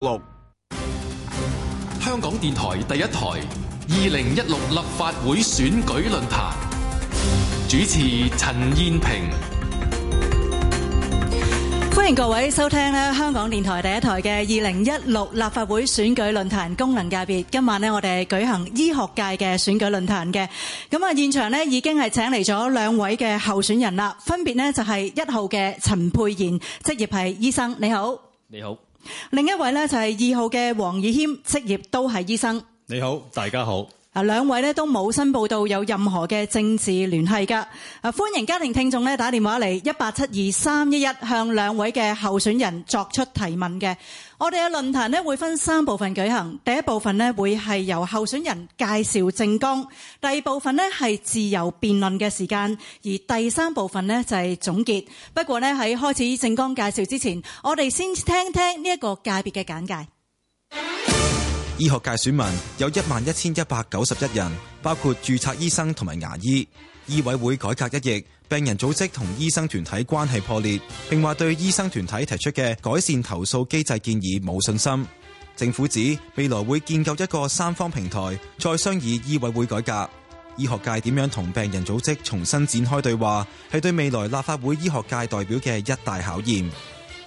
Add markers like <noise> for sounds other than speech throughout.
六香港電台第一台二零一六立法會選舉論壇，主持陳燕萍，歡迎各位收聽咧香港電台第一台嘅二零一六立法會選舉論壇功能界別，今晚咧我哋係舉行醫學界嘅選舉論壇嘅，咁啊現場咧已經係請嚟咗兩位嘅候選人啦，分別咧就係一號嘅陳佩賢，職業係醫生，你好，你好。另一位咧就係二號嘅黃以謙，職業都係醫生。你好，大家好。啊，兩位呢都冇申報到有任何嘅政治聯繫噶。啊，歡迎家庭聽眾呢打電話嚟一八七二三一一向兩位嘅候選人作出提問嘅。我哋嘅論壇呢會分三部分舉行，第一部分呢會係由候選人介紹政綱，第二部分呢係自由辯論嘅時間，而第三部分呢就係總結。不過呢喺開始政綱介紹之前，我哋先聽聽呢一個界別嘅簡介。醫學界選民有一萬一千一百九十一人，包括註冊醫生同埋牙醫。醫委會改革一役，病人組織同醫生團體關係破裂，並話對醫生團體提出嘅改善投訴機制建議冇信心。政府指未來會建構一個三方平台，再商議醫委會改革。醫學界點樣同病人組織重新展開對話，係對未來立法會醫學界代表嘅一大考驗。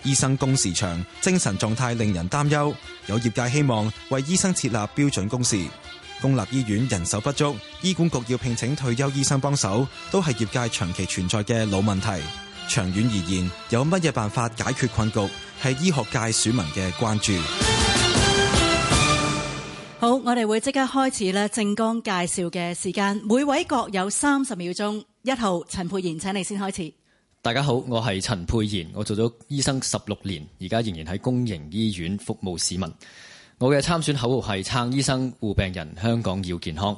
醫生工時長，精神狀態令人擔憂。有業界希望為醫生設立標準工時。公立醫院人手不足，醫管局要聘請退休醫生幫手，都係業界長期存在嘅老問題。長遠而言，有乜嘢辦法解決困局，係醫學界選民嘅關注。好，我哋會即刻開始咧，正剛介紹嘅時間，每位各有三十秒鐘。一號陳沛然，請你先開始。大家好，我係陳沛然，我做咗醫生十六年，而家仍然喺公營醫院服務市民。我嘅參選口號係撐醫生護病人，香港要健康。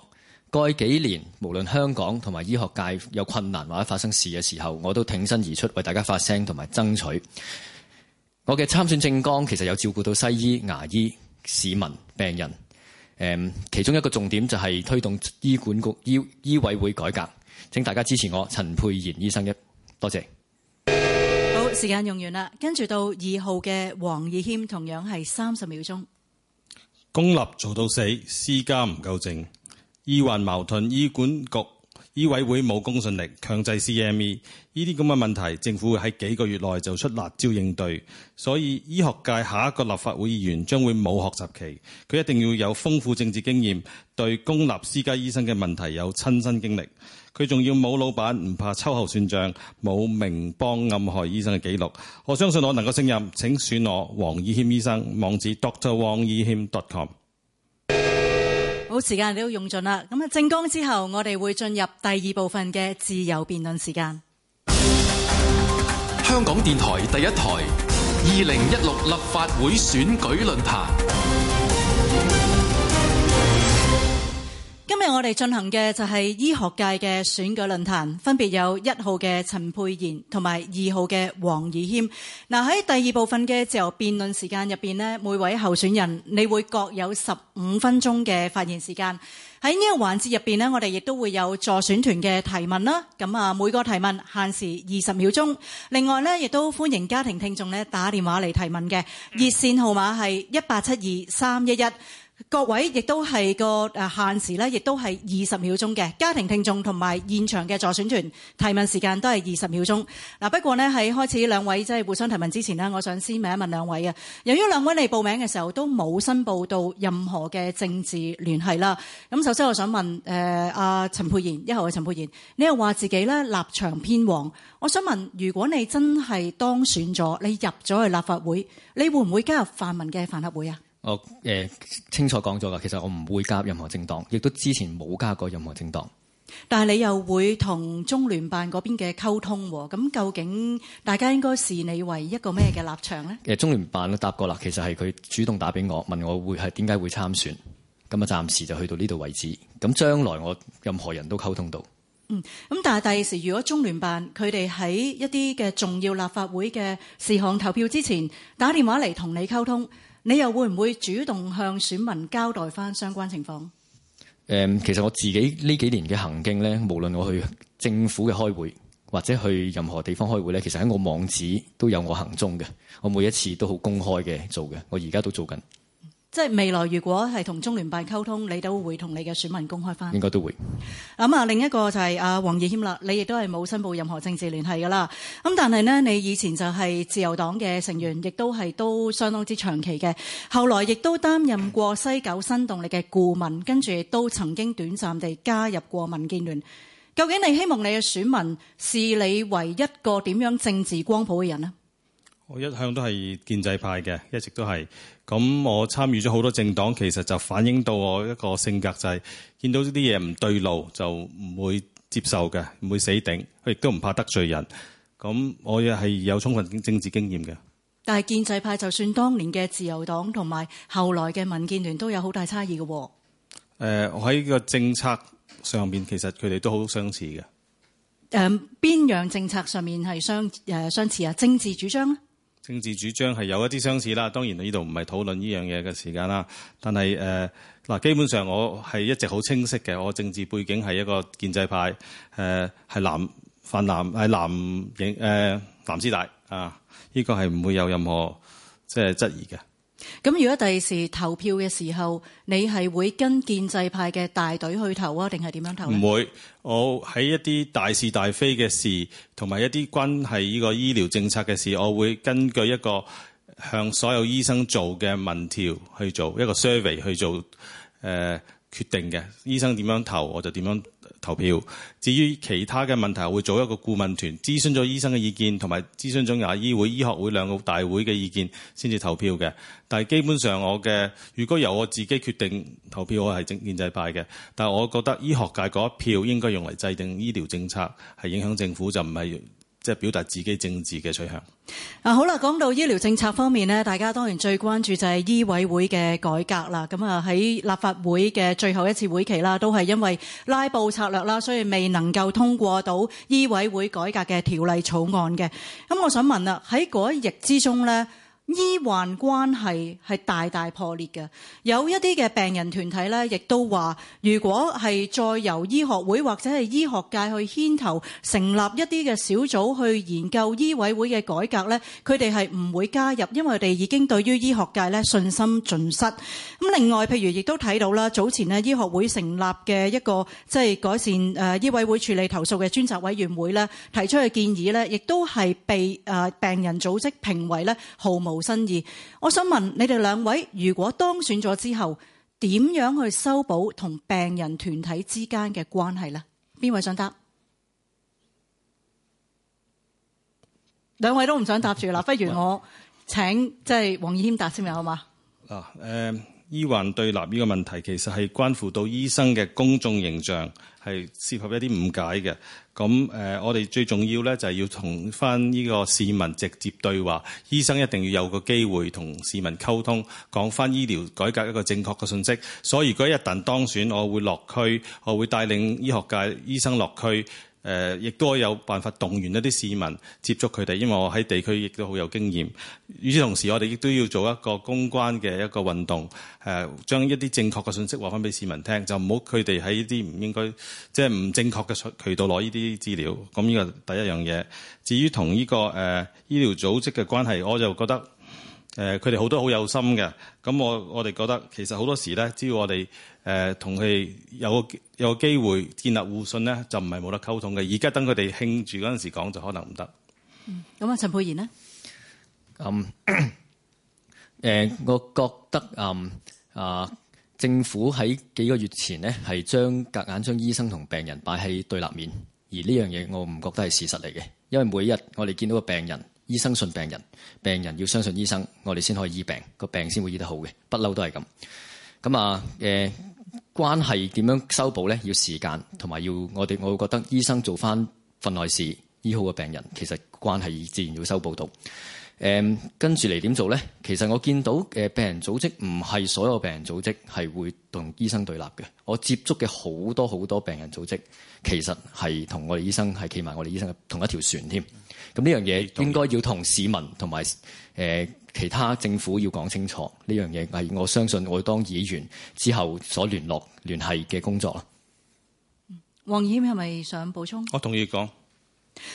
過去幾年，無論香港同埋醫學界有困難或者發生事嘅時候，我都挺身而出為大家發聲同埋爭取。我嘅參選政綱其實有照顧到西醫、牙醫、市民、病人。誒，其中一個重點就係推動醫管局醫醫委會改革，請大家支持我，陳沛然醫生一多謝。好，時間用完啦，跟住到二號嘅黃以謙，同樣係三十秒鐘。公立做到死，私家唔夠正，醫患矛盾，醫管局、醫委會冇公信力，強制 CME 呢啲咁嘅問題，政府會喺幾個月內就出辣招應對。所以醫學界下一個立法會議員將會冇學習期，佢一定要有豐富政治經驗，對公立私家醫生嘅問題有親身經歷。佢仲要冇老闆唔怕秋後算賬，冇明幫暗害醫生嘅記錄。我相信我能夠勝任，請選我，黃以謙醫生，網址 doctor 黃以謙 dotcom。Com 好，時間你都用盡啦。咁啊，正光之後，我哋會進入第二部分嘅自由辯論時間。香港電台第一台，二零一六立法會選舉論壇。今日我哋進行嘅就係醫學界嘅選舉論壇，分別有一號嘅陳佩賢同埋二號嘅黃以謙。嗱，喺第二部分嘅自由辯論時間入邊呢，每位候選人你會各有十五分鐘嘅發言時間。喺呢個環節入邊呢，我哋亦都會有助選團嘅提問啦。咁啊，每個提問限時二十秒鐘。另外呢，亦都歡迎家庭聽眾呢打電話嚟，提問嘅熱線號碼係一八七二三一一。各位亦都係個限時呢，亦都係二十秒鐘嘅。家庭聽眾同埋現場嘅助選團提問時間都係二十秒鐘。不過呢，喺開始兩位即係互相提問之前咧，我想先問一問兩位嘅。由於兩位你報名嘅時候都冇申報到任何嘅政治聯繫啦，咁首先我想問呃阿陳佩然，一號係陳佩然，你又話自己呢立場偏黃，我想問：如果你真係當選咗，你入咗去了立法會，你會唔會加入泛民嘅飯盒會啊？我誒清楚講咗㗎，其實我唔會加任何政黨，亦都之前冇加過任何政黨。但係你又會同中聯辦嗰邊嘅溝通喎？咁究竟大家應該視你為一個咩嘅立場咧？誒、嗯，中聯辦都答過啦，其實係佢主動打俾我，問我會係點解會參選。咁啊，暫時就去到呢度為止。咁將來我任何人都溝通到。嗯，咁但係第二時，如果中聯辦佢哋喺一啲嘅重要立法會嘅事項投票之前打電話嚟同你溝通。你又會唔會主動向選民交代翻相關情況？誒，其實我自己呢幾年嘅行徑咧，無論我去政府嘅開會或者去任何地方開會咧，其實喺我網址都有我行蹤嘅。我每一次都好公開嘅做嘅，我而家都在做緊。即係未來，如果係同中聯辦溝通，你都會同你嘅選民公開返。應該都會。咁啊，另一個就係阿黃義軒啦，你亦都係冇申報任何政治聯繫噶啦。咁但係呢，你以前就係自由黨嘅成員，亦都係都相當之長期嘅。後來亦都擔任過西九新動力嘅顧問，跟住亦都曾經短暫地加入過民建聯。究竟你希望你嘅選民視你為一個點樣政治光譜嘅人呢？我一向都係建制派嘅，一直都係。咁我參與咗好多政黨，其實就反映到我一個性格，就係、是、見到啲嘢唔對路就唔會接受嘅，唔會死頂，佢亦都唔怕得罪人。咁我亦係有充分政治經驗嘅。但係建制派就算當年嘅自由黨同埋後來嘅民建聯都有好大差異嘅喎。誒，我喺個政策上面其實佢哋都好相似嘅。誒、嗯，邊樣政策上面係相誒、呃、相似啊？政治主張？政治主張係有一啲相似啦，當然呢度唔係討論呢樣嘢嘅時間啦。但係誒嗱，基本上我係一直好清晰嘅，我的政治背景係一個建制派，誒、呃、係南泛南係南影誒、呃、南師大啊，呢、呢個係唔會有任何即係、呃、質疑嘅。咁如果第時投票嘅時候，你係會跟建制派嘅大隊去投啊，定係點樣投？唔會，我喺一啲大是大非嘅事，同埋一啲關係呢個醫療政策嘅事，我會根據一個向所有醫生做嘅民調去做一個 survey 去做誒、呃、決定嘅。醫生點樣投，我就點樣投票。至於其他嘅問題，我會組一個顧問團，諮詢咗醫生嘅意見，同埋諮詢咗牙醫會、醫學會兩個大會嘅意見，先至投票嘅。但基本上我的，我嘅如果由我自己決定投票，我係政建制派嘅。但係我覺得醫學界嗰一票應該用嚟制定醫療政策，係影響政府就唔係。即係表達自己政治嘅取向。啊，好啦，講到醫療政策方面呢，大家當然最關注就係醫委會嘅改革啦。咁啊，喺立法會嘅最後一次會期啦，都係因為拉布策略啦，所以未能夠通過到醫委會改革嘅條例草案嘅。咁我想問啦，喺嗰一役之中呢。醫患關係係大大破裂嘅，有一啲嘅病人團體咧，亦都話如果係再由醫學會或者係醫學界去牽頭成立一啲嘅小組去研究醫委會嘅改革咧，佢哋係唔會加入，因為佢哋已經對於醫學界咧信心盡失。咁另外，譬如亦都睇到啦，早前咧醫學會成立嘅一個即係、就是、改善誒醫委會處理投訴嘅專責委員會咧，提出嘅建議咧，亦都係被誒病人組織評為咧毫無無新意，我想問你哋兩位，如果當選咗之後，點樣去修補同病人團體之間嘅關係呢？邊位想答？兩位都唔想答住，嗱，不如我請即係黃以謙答先，好嘛？嗱、啊，誒、呃。醫患對立呢個問題其實係關乎到醫生嘅公眾形象，係涉及一啲誤解嘅。咁誒、呃，我哋最重要呢，就係、是、要同翻呢個市民直接對話，醫生一定要有個機會同市民溝通，講翻醫療改革一個正確嘅信息。所以如果一旦當選，我會落區，我會帶領醫學界醫生落區。誒，亦、呃、都有辦法動員一啲市民接觸佢哋，因為我喺地區亦都好有經驗。與此同時，我哋亦都要做一個公關嘅一個運動，誒、呃，將一啲正確嘅信息話翻俾市民聽，就唔好佢哋喺呢啲唔應該，即係唔正確嘅渠道攞呢啲資料。咁呢個第一樣嘢。至於同呢、這個誒、呃、醫療組織嘅關係，我就覺得。誒，佢哋好多好有心嘅，咁我我哋覺得其實好多時咧，只要我哋誒同佢有個有個機會建立互信咧，就唔係冇得溝通嘅。而家等佢哋慶住嗰陣時講，就可能唔、嗯嗯呃、得。嗯，咁啊，陳佩賢呢？咁我覺得嗯啊，政府喺幾個月前呢，係將夾硬將醫生同病人擺喺對立面，而呢樣嘢我唔覺得係事實嚟嘅，因為每日我哋見到個病人。醫生信病人，病人要相信醫生，我哋先可以醫病，個病先會醫得好嘅，不嬲都係咁。咁、嗯、啊，關係點樣修補咧？要時間同埋要我哋，我會覺得醫生做翻份內事，醫好個病人，其實關係自然要修補到。誒，跟住嚟點做咧？其實我見到嘅病人組織唔係所有病人組織係會同醫生對立嘅。我接觸嘅好多好多病人組織，其實係同我哋醫生係企埋我哋醫生嘅同一條船添。咁呢樣嘢應該要同市民同埋誒其他政府要講清楚呢樣嘢，係我相信我當議員之後所聯絡聯繫嘅工作啦。黃綺係咪想補充？我同意講。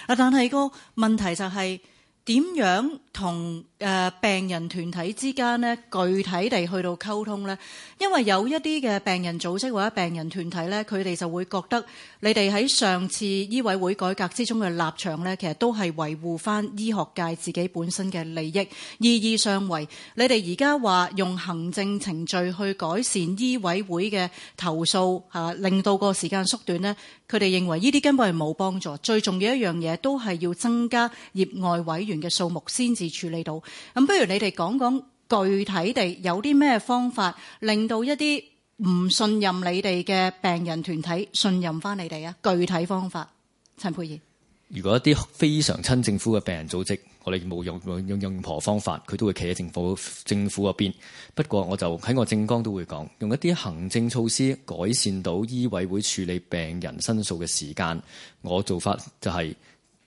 嗱，但係個問題就係點樣同？誒病人團體之間呢，具體地去到溝通呢，因為有一啲嘅病人組織或者病人團體呢，佢哋就會覺得你哋喺上次醫委會改革之中嘅立場呢，其實都係維護翻醫學界自己本身嘅利益。意義上為，你哋而家話用行政程序去改善醫委會嘅投訴吓，令到個時間縮短呢，佢哋認為呢啲根本係冇幫助。最重要一樣嘢都係要增加業外委員嘅數目，先至處理到。咁不如你哋講講具體地有啲咩方法令到一啲唔信任你哋嘅病人團體信任返你哋啊？具體方法，陳佩儀。如果一啲非常親政府嘅病人組織，我哋冇用用任何方法，佢都會企喺政府政府嗰邊。不過我就喺我政綱都會講，用一啲行政措施改善到醫委會處理病人申訴嘅時間。我做法就係、是。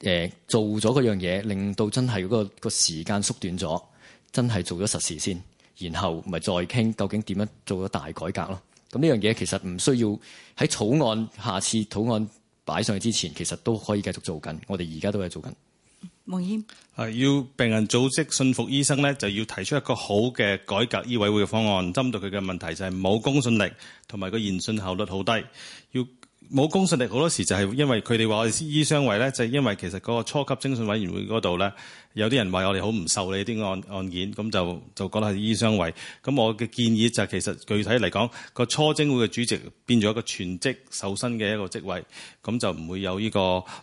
誒做咗嗰樣嘢，令到真係嗰個個時間縮短咗，真係做咗實事先，然後咪再傾究竟點樣做咗大改革咯。咁呢樣嘢其實唔需要喺草案下次草案擺上去之前，其實都可以繼續做緊。我哋而家都係做緊。黃謙謙要病人組織信服醫生咧，就要提出一個好嘅改革醫委會嘅方案，針對佢嘅問題就係冇公信力，同埋個研訊效率好低。要冇公信力，好多時就係因為佢哋話我哋醫醫相衞呢，就係、是、因為其實嗰個初級偵訊委員會嗰度呢，有啲人話我哋好唔受理啲案案件，咁就就覺得係醫醫相衞。咁我嘅建議就係、是、其實具體嚟講，個初偵會嘅主席變咗一個全職受薪嘅一個職位，咁就唔會有呢個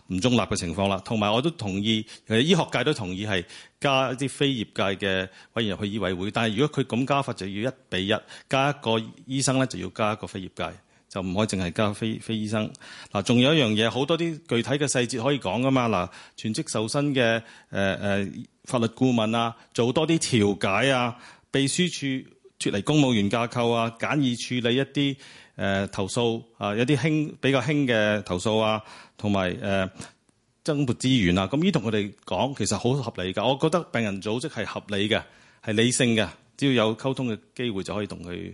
唔中立嘅情況啦。同埋我都同意，誒醫學界都同意係加一啲非業界嘅委員入去醫委會，但係如果佢咁加法就要一比一，加一個醫生呢，就要加一個非業界。就唔可以淨係加非非醫生嗱，仲有一樣嘢，好多啲具體嘅細節可以講㗎嘛嗱，全職受薪嘅誒、呃、法律顧問啊，做多啲調解啊，秘書處脫離公務員架構啊，簡易處理一啲誒、呃、投訴啊，一啲輕比較輕嘅投訴啊，同埋誒增撥資源啊，咁呢同佢哋講其實好合理㗎，我覺得病人組織係合理嘅，係理性嘅，只要有溝通嘅機會就可以同佢。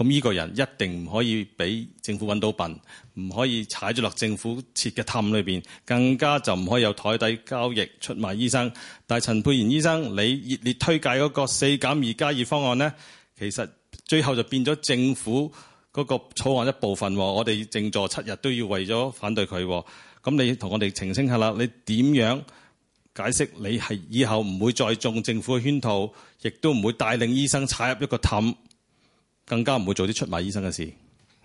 咁呢個人一定唔可以俾政府揾到笨，唔可以踩咗落政府設嘅氹裏面，更加就唔可以有台底交易出賣醫生。但係陳佩然醫生，你熱烈推介嗰個四減二加二方案呢，其實最後就變咗政府嗰個草案一部分喎。我哋靜坐七日都要為咗反對佢。咁你同我哋澄清下啦，你點樣解釋你係以後唔會再中政府嘅圈套，亦都唔會帶領醫生踩入一個氹？更加唔會做啲出賣醫生嘅事。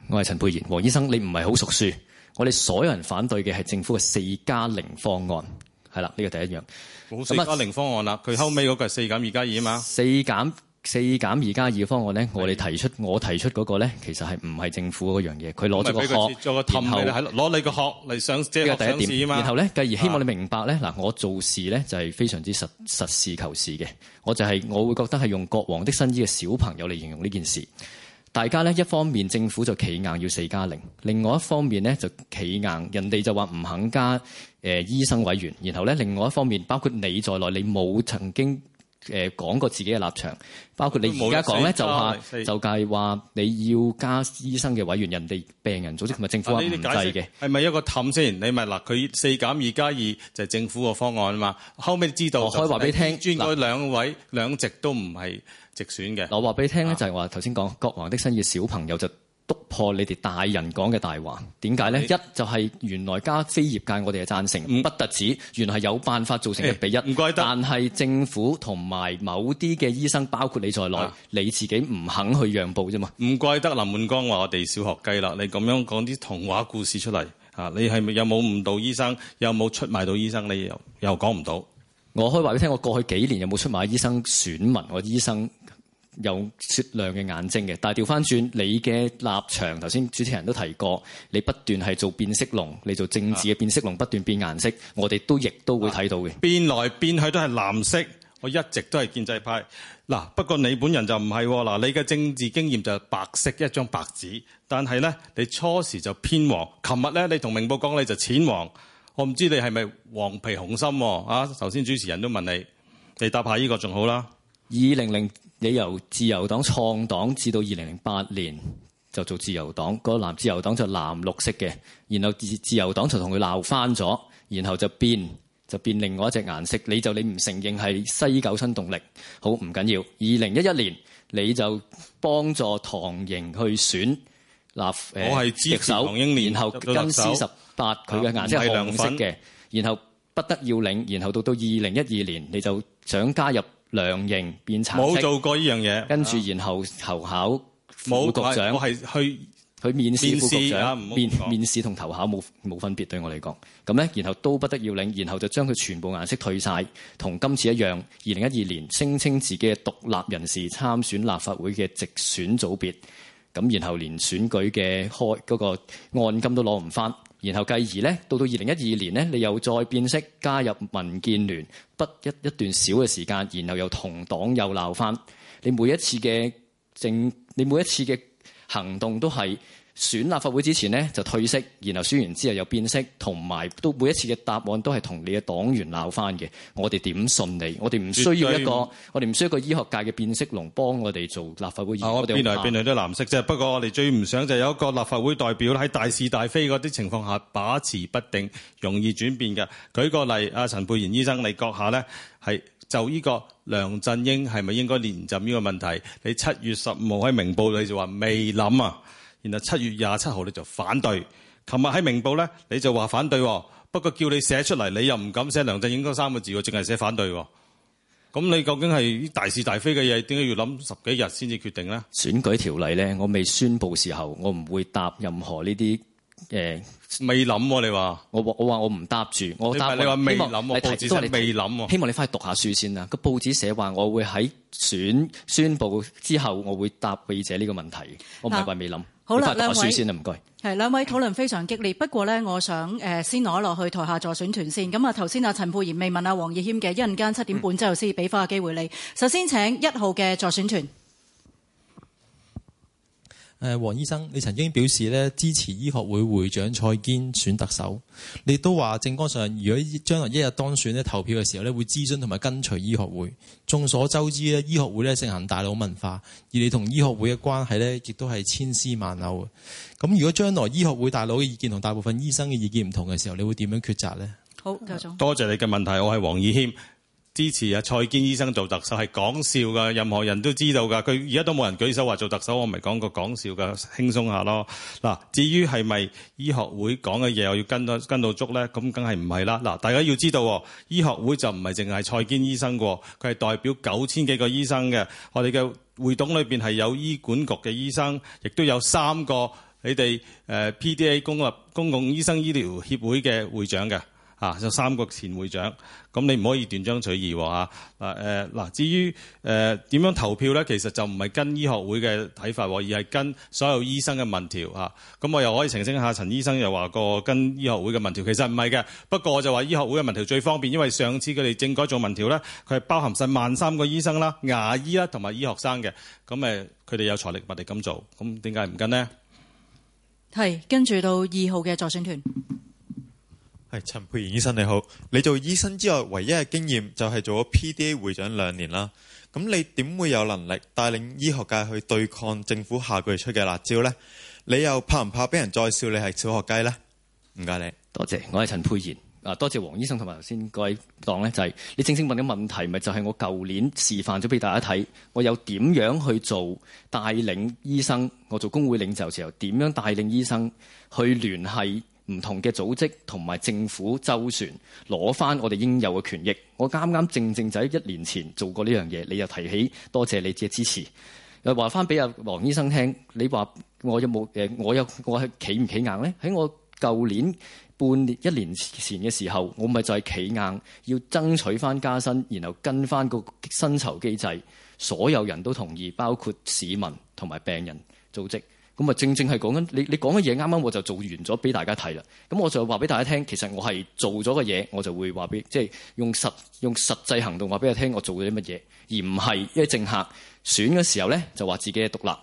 我係陳佩賢，黃醫生，你唔係好熟書。我哋所有人反對嘅係政府嘅四加零方案，係啦，呢個第一樣。冇四加零方案啦，佢麼四後尾嗰個係四減二加二啊嘛。四減。四減二加二嘅方案咧，是我哋提出，我提出嗰個咧，其實係唔係政府嗰樣嘢？佢攞咗個殼，氹後你攞你個殼嚟想即係第一點啊嘛。然後咧，繼而希望你明白咧，嗱、啊，我做事咧就係、是、非常之實，實事求是嘅。我就係、是、我會覺得係用國王的新衣嘅小朋友嚟形容呢件事。大家咧一方面政府就企硬要四加零，0，另外一方面咧就企硬，人哋就話唔肯加誒、呃、醫生委員。然後咧另外一方面包括你在內，你冇曾經。誒、呃、講過自己嘅立場，包括你而家講咧，就話、是、就介話你要加醫生嘅委員，人哋病人組織同埋政府嘅唔計嘅，係咪一個氹先？你咪嗱，佢四減二加二就係政府個方案啊嘛。後尾知道、就是，我可以話俾你聽，嗱，兩位喇兩席都唔係直選嘅。我話俾你聽咧，就係話頭先講國王的新衣小朋友就是。督破你哋大人講嘅大話，點解呢？你 一就係原來加非業界，我哋嘅贊成，不特止，原來係有辦法造成一比一。唔、欸、怪得，但係政府同埋某啲嘅醫生，包括你在內，啊、你自己唔肯去讓步啫嘛。唔怪得林滿江話我哋小學雞啦，你咁樣講啲童話故事出嚟嚇，你係咪有冇誤導醫生？有冇出賣到醫生？你又又講唔到。我可以話俾你聽，我過去幾年有冇出賣醫生選民？我的醫生。有雪亮嘅眼睛嘅，但係調翻轉你嘅立場。頭先主持人都提過，你不斷係做變色龍，你做政治嘅變色龍不斷變顏色，啊、我哋都亦都會睇到嘅。變來變去都係藍色，我一直都係建制派。嗱、啊，不過你本人就唔係，喎。嗱，你嘅政治經驗就白色一張白紙，但係咧，你初時就偏黃，琴日咧，你同明報講你就淺黃，我唔知你係咪黃皮紅心啊？頭、啊、先主持人都問你，你答下呢個仲好啦。二零零，2000, 你由自由黨創黨至到二零零八年就做自由黨，嗰個藍自由黨就藍綠色嘅。然後自自由黨就同佢鬧翻咗，然後就變就變另外一隻顏色。你就你唔承認係西九新動力，好唔緊要。二零一一年你就幫助唐瑩去選嗱誒我係支持，呃、唐英年然後金施十八佢嘅顏色係紅色嘅，啊、然後不得要領，然後到到二零一二年你就想加入。量刑變殘，冇做過呢樣嘢，跟住然後投考副、啊、局長，我係去去面試副局長，面、啊、面試同投考冇冇分別。對我嚟講咁咧，然後都不得要領，然後就將佢全部顏色退曬，同今次一樣。二零一二年聲稱自己嘅獨立人士參選立法會嘅直選組別，咁然後連選舉嘅開嗰個按金都攞唔翻。然後繼而咧，到到二零一二年咧，你又再變色，加入民建聯，不一一段少嘅時間，然後又同黨又鬧翻。你每一次嘅政，你每一次嘅行動都係。選立法會之前呢，就退色，然後選完之後又變色，同埋都每一次嘅答案都係同你嘅黨員鬧翻嘅。我哋點信你？我哋唔需要一個絕對 我哋唔需要一個醫學界嘅變色龍幫我哋做立法會議員。哦、我哋變來變去都藍色啫。不過我哋最唔想就有一個立法會代表喺大是大非嗰啲情況下把持不定，容易轉變嘅。舉個例，阿陳沛然醫生，你閣下呢？係就呢個梁振英係咪應該連任呢個問題？你七月十五號喺明報你就話未諗啊。然後七月廿七號你就反對。琴日喺明報咧你就話反對、哦，不過叫你寫出嚟，你又唔敢寫梁振英嗰三個字，淨係寫反對、哦。咁你究竟係大是大非嘅嘢，點解要諗十幾日先至決定咧？選舉條例咧，我未宣佈時候，我唔會答任何呢啲誒。未諗喎，你話我，我話我唔答住，我答係你話未諗喎、啊，望報紙寫未諗喎，啊、希望你翻去讀下書先啦、啊。個報紙寫話，我會喺選宣佈之後，我會答記者呢個問題。我唔係話未諗。啊。好啦，兩位先啦，唔該。係兩位討論非常激烈，不過咧，我想、呃、先攞一落去台下助選團先。咁、嗯、啊，頭先啊陳佩賢未問啊黃奕謙嘅，一陣間七點半之後先俾翻個機會你。嗯、首先請一號嘅助選團。誒，黃醫生，你曾經表示咧支持醫學會會長蔡堅選特首，你都話政綱上如果將來一日當選咧，投票嘅時候咧會諮詢同埋跟隨醫學會。眾所周知咧，醫學會咧盛行大佬文化，而你同醫學會嘅關係咧，亦都係千絲萬縷。咁如果將來醫學會大佬嘅意見同大部分醫生嘅意見唔同嘅時候，你會點樣抉擇呢？好，教授，多謝你嘅問題，我係黃以謙。支持啊！蔡堅醫生做特首係講笑㗎，任何人都知道㗎。佢而家都冇人舉手話做特首，我咪講個講笑㗎，輕鬆下咯。嗱，至於係咪醫學會講嘅嘢我要跟到跟到足呢？咁梗係唔係啦。嗱，大家要知道，醫學會就唔係淨係蔡堅醫生㗎，佢係代表九千幾個醫生嘅。我哋嘅會董裏邊係有醫管局嘅醫生，亦都有三個你哋 PDA 公立公共醫生醫療協會嘅會長嘅。啊，就三個前會長，咁你唔可以斷章取義喎嚇，嗱，誒，嗱，至於誒點、啊、樣投票呢？其實就唔係跟醫學會嘅睇法，而係跟所有醫生嘅民調嚇。咁、啊、我又可以澄清下，陳醫生又話過跟醫學會嘅民調，其實唔係嘅。不過我就話醫學會嘅民調最方便，因為上次佢哋政改做民調呢，佢係包含晒萬三個醫生啦、牙醫啦同埋醫學生嘅。咁誒，佢哋有財力物力咁做，咁點解唔跟呢？係跟住到二號嘅助選團。係陳佩賢醫生你好，你做醫生之外，唯一嘅經驗就係做咗 PDA 會長兩年啦。咁你點會有能力帶領醫學界去對抗政府下個月出嘅辣椒呢？你又怕唔怕俾人再笑你係小學雞呢？唔該你，多謝，我係陳佩賢。啊，多謝黃醫生同埋頭先各位講咧，就係、是、你正正問嘅問題，咪就係我舊年示範咗俾大家睇，我有點樣去做帶領醫生，我做工會領袖時候點樣帶領醫生去聯繫？唔同嘅組織同埋政府周旋，攞翻我哋應有嘅權益。我啱啱正正就喺一年前做過呢樣嘢，你又提起，多謝你嘅支持。又話翻俾阿黃醫生聽，你話我有冇誒？我有，我係企唔企硬咧？喺我舊年半年一年前嘅時候，我咪就係企硬，要爭取翻加薪，然後跟翻個薪酬機制，所有人都同意，包括市民同埋病人組織。咁啊，正正係講緊你。你講嘅嘢啱啱我就做完咗，俾大家睇啦。咁我就話俾大家聽，其實我係做咗嘅嘢，我就會話俾即係用實用實際行動話俾佢聽，我做咗啲乜嘢，而唔係一啲政客選嘅時候呢，就話自己係獨立，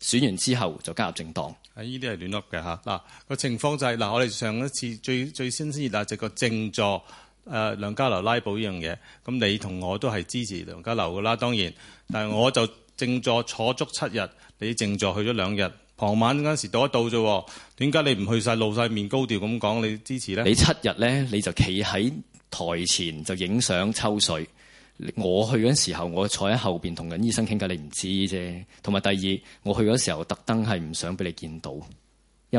選完之後就加入政黨。喺呢啲係亂噏嘅嚇嗱，個情況就係、是、嗱、啊，我哋上一次最最新鮮熱辣就個靜坐誒、呃、梁家騮拉布呢樣嘢。咁你同我都係支持梁家騮㗎啦，當然，但係我就靜坐坐足七日，你靜坐去咗兩日。傍晚嗰陣時到一到啫，點解你唔去晒露晒面高調咁講你支持咧？你七日咧你就企喺台前就影相抽水。我去嗰陣時候，我坐喺後邊同緊醫生傾偈，你唔知啫。同埋第二，我去嗰時候特登係唔想俾你見到，因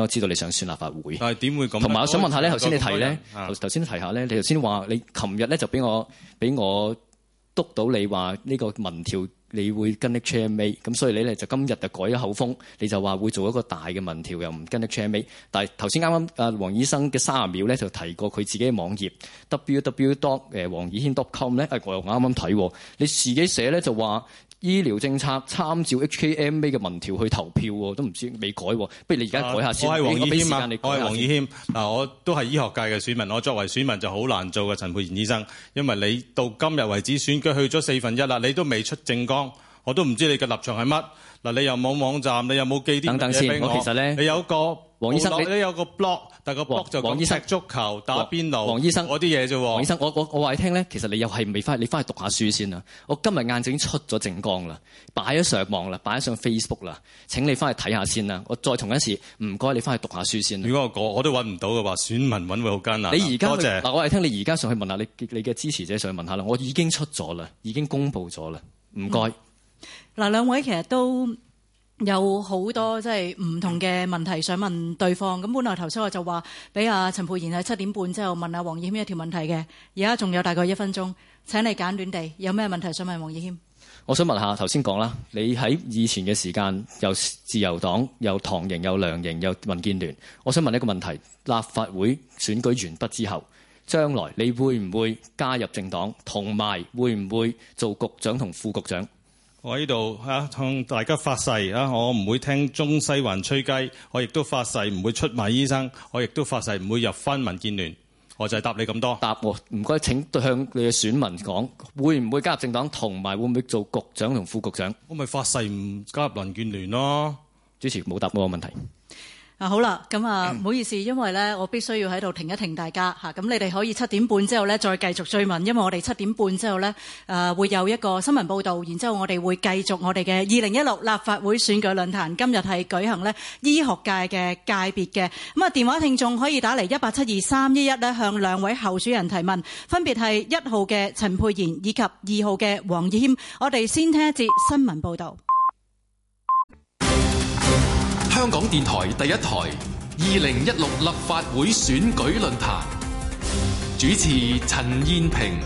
為我知道你想選立法會。但係點會咁？同埋我想問下咧，頭先你提咧，頭先、嗯、提下咧、嗯，你頭先話你琴日咧就俾我俾我篤到你話呢個民調。你會跟的 cheap 尾，咁所以你咧就今日就改咗口風，你就話會做一個大嘅民調，又唔跟的 cheap 尾。但係頭先啱啱啊黃醫生嘅三十秒咧就提過佢自己嘅網頁 www. 黃以軒 .com 咧、哎，我又啱啱睇，你自己寫咧就話。醫療政策參照 H K M A 嘅民調去投票喎，都唔知未改。不如你而家改一下先、啊。我係黃以謙嗱、啊啊，我都係醫學界嘅選民。我作為選民就好難做嘅。陳佩賢醫生，因為你到今日為止選舉去咗四分一啦，你都未出政綱。我都唔知你嘅立場係乜嗱。你又冇網站，你又冇寄啲等等先，我其實咧，你有個黃醫生，你有個 blog，但個 blog 就講踢足球、打邊爐嗰啲嘢啫。黃醫生，我我我話你聽咧，其實你又係未翻，你翻去讀下書先啦。我今日晏晝已經出咗政綱啦，擺咗上網啦，擺咗上 Facebook 啦。請你翻去睇下先啦。我再同一次，唔該，你翻去讀下書先啦。如果我我都揾唔到嘅話，選民揾會好艱難。你而家嗱，我話你聽，你而家上去問下你，你嘅支持者上去問下啦。我已經出咗啦，已經公布咗啦，唔該。嗱，兩位其實都有好多即係唔同嘅問題想問對方。咁本來頭先我就話俾阿陳佩賢喺七點半之後問阿黃義謙一條問題嘅，而家仲有大概一分鐘，請你簡短地有咩問題想問黃義謙？我想問下頭先講啦，你喺以前嘅時間有自由黨、有唐營、有梁營、有民建聯，我想問一個問題：立法會選舉完畢之後，將來你會唔會加入政黨，同埋會唔會做局長同副局長？我呢度嚇向大家發誓嚇，我唔會聽中西環吹雞，我亦都發誓唔會出賣醫生，我亦都發誓唔會入翻民建聯。我就係答你咁多。答，我唔該，請向你嘅選民講，會唔會加入政黨，同埋會唔會做局長同副局長？我咪發誓唔加入民建聯咯，啊。主持冇答我問題。啊，好啦，咁啊唔好意思，因為咧我必須要喺度停一停大家吓，咁你哋可以七點半之後咧再繼續追問，因為我哋七點半之後咧誒會有一個新聞報導，然之後我哋會繼續我哋嘅二零一六立法會選舉論壇，今日係舉行咧醫學界嘅界別嘅，咁啊電話聽眾可以打嚟一八七二三一一咧向兩位候選人提問，分別係一號嘅陳沛然以及二號嘅黃以謙，我哋先聽一節新聞報導。香港電台第一台，二零一六立法會選舉論壇，主持陳燕萍。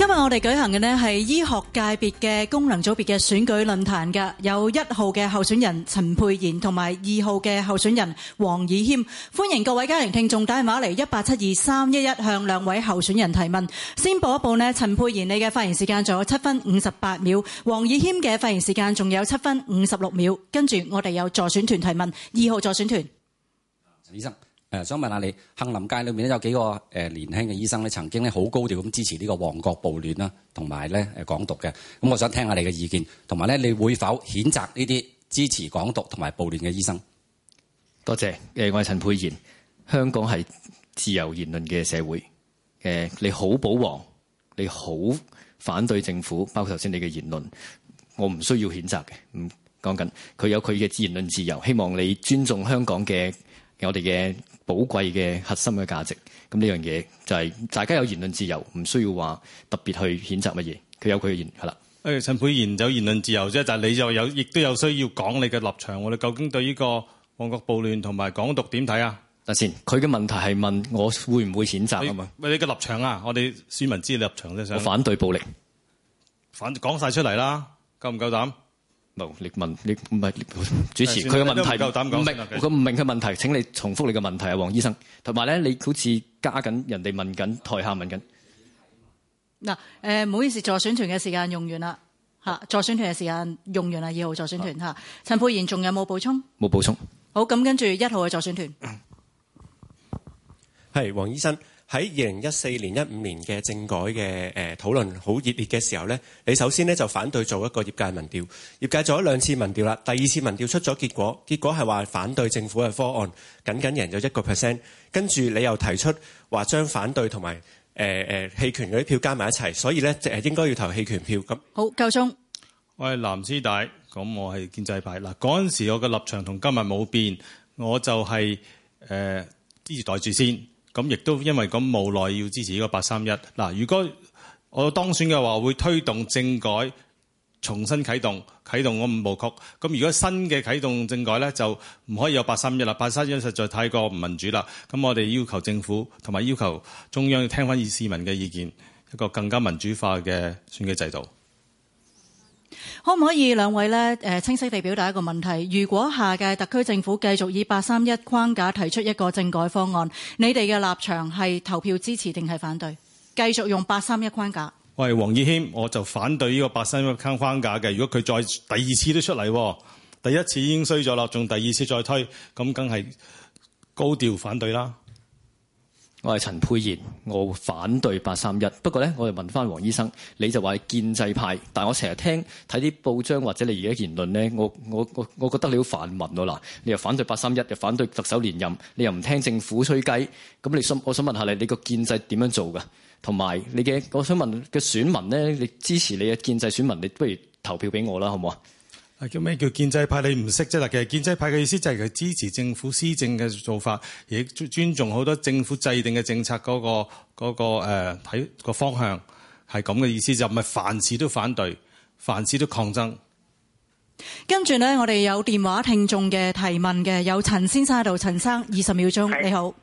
今日我哋舉行的呢係醫學界別的功能組別的選舉論壇的，有一號的候選人陳佩妍，同埋二號的候選人黃以謙。歡迎各位家庭聽眾打電話嚟一八七二三一一，向兩位候選人提問。先報一報呢，陳佩妍，你的發言時間仲有七分五十八秒；黃以謙的發言時間仲有七分五十六秒。跟住我哋有助選團提問，二號助選團。陳醫生。誒，想問下你，杏林界裏面咧有幾個誒年輕嘅醫生咧，曾經咧好高調咁支持呢個旺角暴亂啦，同埋咧誒港獨嘅。咁我想聽下你嘅意見，同埋咧，你會否譴責呢啲支持港獨同埋暴亂嘅醫生？多謝。誒，我係陳佩賢。香港係自由言論嘅社會。誒，你好保皇，你好反對政府，包括頭先你嘅言論，我唔需要譴責嘅。唔講緊，佢有佢嘅自言論自由，希望你尊重香港嘅我哋嘅。寶貴嘅核心嘅價值，咁呢樣嘢就係大家有言論自由，唔需要話特別去譴責乜嘢，佢有佢嘅言，係啦。誒、哎，陳佩賢有言論自由啫，但、就、係、是、你就有亦都有需要講你嘅立場。我哋究竟對呢個旺角暴亂同埋港獨點睇啊？等先，佢嘅問題係問我會唔會譴責咁啊？喂那，吧你嘅立場啊，我哋市民知你立場啫。我反對暴力，反講晒出嚟啦，夠唔夠膽？你問，你唔係主持，佢嘅問題夠膽講明，佢唔明嘅問題。請你重複你嘅問題啊，黃醫生。同埋咧，你好似加緊人哋問緊，台下問緊。嗱、呃，誒唔好意思，助選團嘅時間用完啦嚇，助選團嘅時間用完啦，二號助選團嚇。啊、陳佩賢仲有冇補充？冇補充。好，咁跟住一號嘅助選團，係黃醫生。喺二零一四年、一五年嘅政改嘅誒討論好熱烈嘅時候呢，你首先呢就反對做一個業界民調，業界做咗兩次民調啦，第二次民調出咗結果，結果係話反對政府嘅方案僅僅贏咗一個 percent，跟住你又提出話將反對同埋誒誒棄權嗰啲票加埋一齊，所以呢誒應該要投棄權票。咁好夠鐘，夠鐘，我係藍絲帶，咁我係建制派。嗱，嗰陣時我嘅立場同今日冇變，我就係誒支持袋住先。咁亦都因為咁無奈要支持呢個八三一。嗱，如果我當選嘅話，會推動政改，重新啟動，啟動我五步曲。咁如果新嘅啟動政改咧，就唔可以有八三一啦。八三一實在太過唔民主啦。咁我哋要求政府同埋要求中央要聽翻市民嘅意見，一個更加民主化嘅選舉制度。可唔可以兩位呢、呃、清晰地表達一個問題？如果下屆特區政府繼續以八三一框架提出一個政改方案，你哋嘅立場係投票支持定係反對？繼續用八三一框架？喂，黃以軒，我就反對呢個八三一框框架嘅。如果佢再第二次都出嚟、哦，第一次已經衰咗啦，仲第二次再推，咁梗係高調反對啦。我係陳佩賢，我反對八三一。不過咧，我就問翻黃醫生，你就話係建制派。但我成日聽睇啲報章或者你而家言論咧，我我我我覺得你好泛民喎。嗱，你又反對八三一，又反對特首連任，你又唔聽政府吹雞。咁你想，我想問下你，你個建制點樣做噶？同埋你嘅，我想問嘅選民咧，你支持你嘅建制選民，你不如投票俾我啦，好唔好啊？叫咩叫建制派？你唔識啫啦。其實建制派嘅意思就係佢支持政府施政嘅做法，亦尊重好多政府制定嘅政策嗰個嗰個誒，睇個方向係咁嘅意思，就唔係凡事都反對，凡事都抗爭。跟住咧，我哋有電話聽眾嘅提問嘅，有陳先生喺度，陳生二十秒鐘，是你好。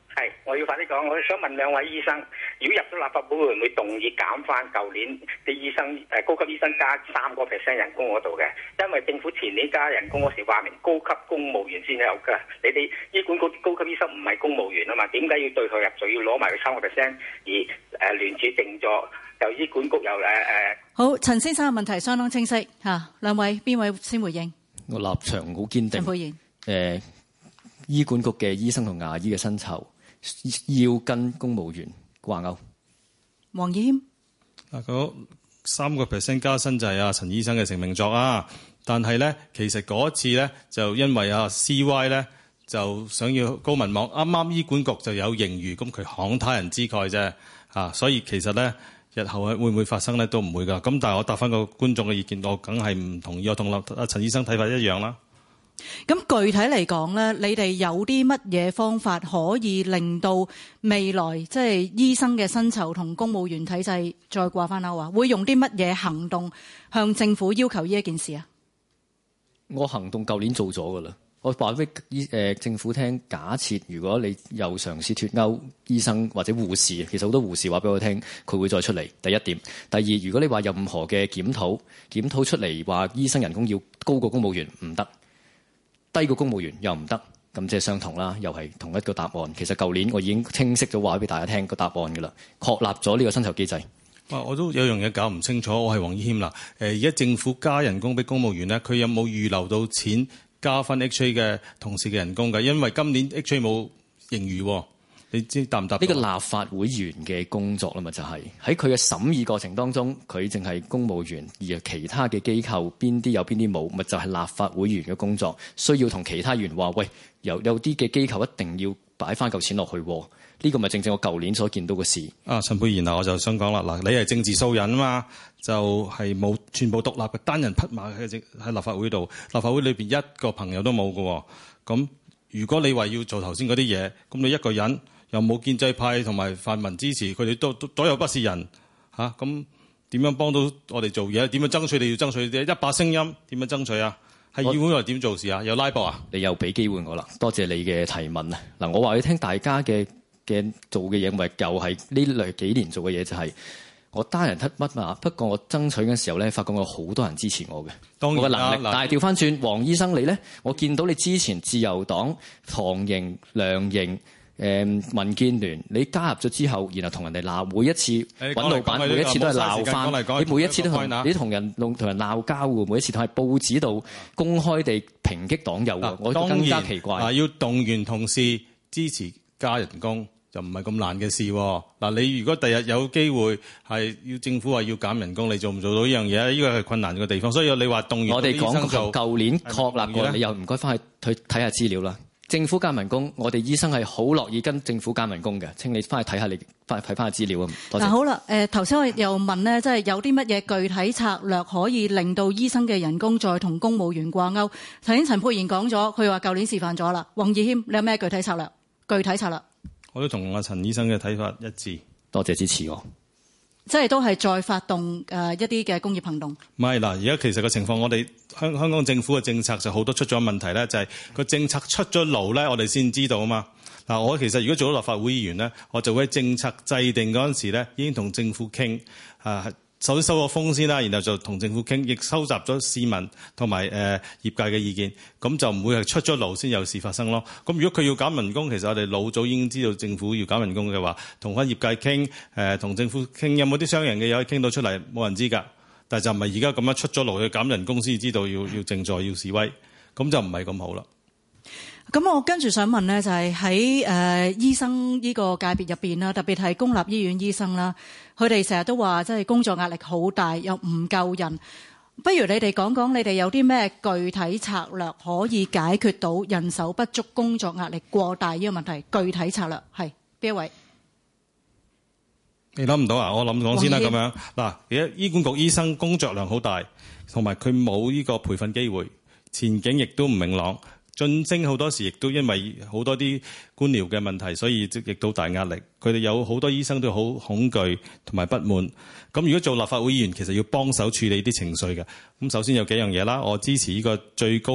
我要快啲講，我想問兩位醫生：如果入咗立法會，會唔會動議減返舊年啲醫生、誒高級醫生加三個 percent 人工嗰度嘅？因為政府前年加人工嗰時話明高級公務員先有㗎。你哋醫管局啲高級醫生唔係公務員啊嘛，點解要對號入座，要攞埋佢三個 percent 而誒亂處定咗由醫管局，又誒誒。好，陳先生嘅問題相當清晰吓，啊，兩位邊位先回應？我立場好堅定。陳佩賢誒，醫管局嘅醫生同牙醫嘅薪酬。要跟公務員掛鈎，黃王以謙嗱，三個 percent 加薪就係阿陳醫生嘅成名作啊！但係咧，其實嗰一次咧就因為啊 C Y 咧就想要高民望，啱啱醫管局就有盈餘，咁佢慷他人之慨啫，吓！所以其實咧日後會會唔會發生咧都唔會噶。咁但係我答翻個觀眾嘅意見，我梗係唔同意，我同阿陳醫生睇法一樣啦。咁具體嚟講咧，你哋有啲乜嘢方法可以令到未來即係醫生嘅薪酬同公務員體制再掛翻鈎啊？會用啲乜嘢行動向政府要求呢一件事啊？我行動舊年做咗噶啦，我話俾醫誒政府聽。假設如果你又嘗試脫鈎，醫生或者護士，其實好多護士話俾我聽，佢會再出嚟。第一點，第二，如果你話任何嘅檢討檢討出嚟，話醫生人工要高過公務員唔得。低過公務員又唔得，咁即係相同啦，又係同一個答案。其實舊年我已經清晰咗話俾大家聽個答案㗎啦，確立咗呢個薪酬機制。啊，我都有樣嘢搞唔清楚，我係黃之謙啦。而家政府加人工俾公務員咧，佢有冇預留到錢加返 H A 嘅同事嘅人工㗎？因為今年 H A 冇盈餘。你知答唔答呢個立法會員嘅工作啦嘛，就係喺佢嘅審議過程當中，佢淨係公務員，而其他嘅機構邊啲有，有，邊啲冇，咪就係、是、立法會員嘅工作需要同其他員話：，喂，有有啲嘅機構一定要擺翻嚿錢落去，呢、這個咪正正我舊年所見到嘅事。啊，陳沛然，我就想講啦，嗱，你係政治素人啊嘛，就係、是、冇全部獨立嘅單人匹馬喺立法會度，立法會裏邊一個朋友都冇喎。咁如果你話要做頭先嗰啲嘢，咁你一個人。又冇建制派同埋泛民支持，佢哋都左右不是人吓，咁、啊、點樣幫到我哋做嘢？點樣爭取？你要爭取一把聲音點樣爭取樣我啊？喺議會又點做事啊？有拉布啊？你又俾機會我啦，多謝你嘅提問啊！嗱，我話你聽大家嘅嘅做嘅嘢唔係舊係呢類幾年做嘅嘢，就係、是、我單人匹馬。不過我爭取嘅時候咧，發覺我好多人支持我嘅。當然啦、啊，我能力但係調翻轉，黃醫生你咧，我見到你之前自由黨唐營梁營。誒民建聯，你加入咗之後，然後同人哋鬧，每一次揾老闆，每一次都係鬧翻，你每一次都同你同人同人鬧交嘅，每一次都喺報紙度公開地抨擊黨友。我覺得更加奇怪。嗱，要動員同事支持加人工就唔係咁難嘅事。嗱，你如果第日有機會係要政府話要減人工，你做唔做到呢樣嘢？呢個係困難嘅地方。所以你話動員我哋講就舊年確立過，你又唔該翻去去睇下資料啦。政府加民工，我哋醫生係好樂意跟政府加民工嘅。請你翻去睇下，你翻睇翻下資料啊。多謝。好啦，誒頭先我又問咧，即係有啲乜嘢具體策略可以令到醫生嘅人工再同公務員掛鈎？頭先陳沛然講咗，佢話舊年示範咗啦。黃以謙，你有咩具體策略？具體策略，我都同阿陳醫生嘅睇法一致。多謝支持我。即係都係再發動誒一啲嘅工業行動。唔係啦，而家其實個情況，我哋香香港政府嘅政策就好多出咗問題咧，就係個政策出咗爐咧，我哋先知道啊嘛。嗱，我其實如果做咗立法會議員咧，我就會喺政策制定嗰陣時咧，已經同政府傾啊。首先收個風先啦，然後就同政府傾，亦收集咗市民同埋誒業界嘅意見，咁就唔會係出咗爐先有事發生咯。咁如果佢要減人工，其實我哋老早已經知道政府要減人工嘅話，同返業界傾，誒同政府傾，有冇啲商人嘅嘢傾到出嚟，冇人知㗎。但就唔係而家咁樣出咗爐去減人工先知道要要靜坐要示威，咁就唔係咁好啦。咁我跟住想問呢，就係喺誒醫生呢個界別入邊啦，特別係公立醫院醫生啦，佢哋成日都話即係工作壓力好大，又唔夠人。不如你哋講講你哋有啲咩具體策略可以解決到人手不足、工作壓力過大呢個問題？具體策略係邊一位？你諗唔到啊！我諗講先啦，咁樣嗱，而家醫管局醫生工作量好大，同埋佢冇呢個培訓機會，前景亦都唔明朗。晉升好多時，亦都因為好多啲官僚嘅問題，所以亦都大壓力。佢哋有好多醫生都好恐懼同埋不滿。咁如果做立法會議員，其實要幫手處理啲情緒嘅。咁首先有幾樣嘢啦，我支持呢個最高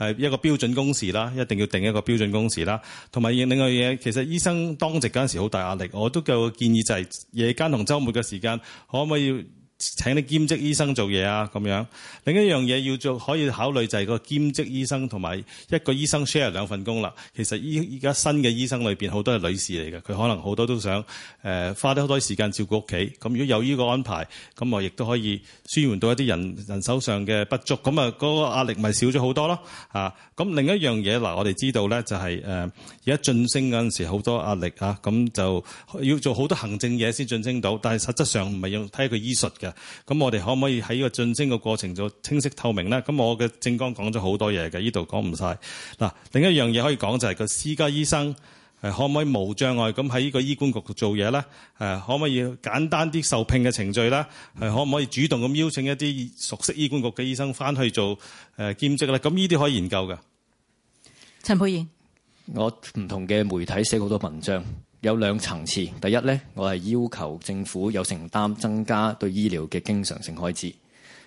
誒一個標準工時啦，一定要定一個標準工時啦。同埋另外嘢，其實醫生當值嗰陣時好大壓力，我都有個建議就係夜間同周末嘅時間，可唔可以？請啲兼職醫生做嘢啊，咁樣另一樣嘢要做可以考慮就係個兼職醫生同埋一個醫生 share 兩份工啦。其實依依家新嘅醫生裏邊好多係女士嚟嘅，佢可能好多都想誒、呃、花啲好多時間照顧屋企。咁如果有呢個安排，咁我亦都可以舒緩到一啲人人手上嘅不足。咁啊，嗰個壓力咪少咗好多咯嚇。咁另一樣嘢嗱，我哋知道咧就係誒而家晉升嗰陣時好多壓力啊，咁就要做好多行政嘢先晉升到，但係實質上唔係要睇佢醫術嘅。咁我哋可唔可以喺呢個晉升嘅過程就清晰透明咧？咁我嘅政綱講咗好多嘢嘅，呢度講唔晒。嗱，另一樣嘢可以講就係、是、個私家醫生係可唔可以無障礙咁喺呢個醫管局做嘢咧？誒、啊，可唔可以簡單啲受聘嘅程序咧？係、啊、可唔可以主動咁邀請一啲熟悉醫管局嘅醫生翻去做誒、呃、兼職咧？咁呢啲可以研究嘅。陳佩賢，我唔同嘅媒體寫好多文章。有兩層次。第一咧，我係要求政府有承擔增加對醫療嘅經常性開支。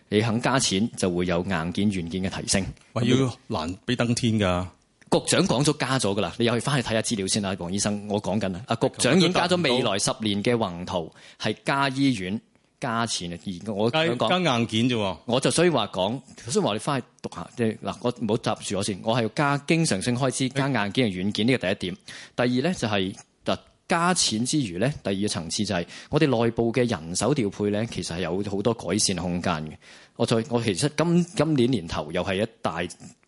你肯加錢，就會有硬件、軟件嘅提升。喂，要難比登天㗎、啊。局長講咗加咗㗎啦，你又去翻去睇下資料先啦，黃醫生。我講緊啊，局長已經加咗未來十年嘅宏圖係加醫院加錢啊，而我加加硬件啫。我就所以話講，所以話你翻去讀下即係嗱，我唔好閘住我先。我係要加經常性開支，加硬件、軟件呢個第一點。第二咧就係、是。.加錢之餘咧，第二個層次就係我哋內部嘅人手調配咧，其實係有好多改善空間嘅。我再，我其實今，今年年頭又係一大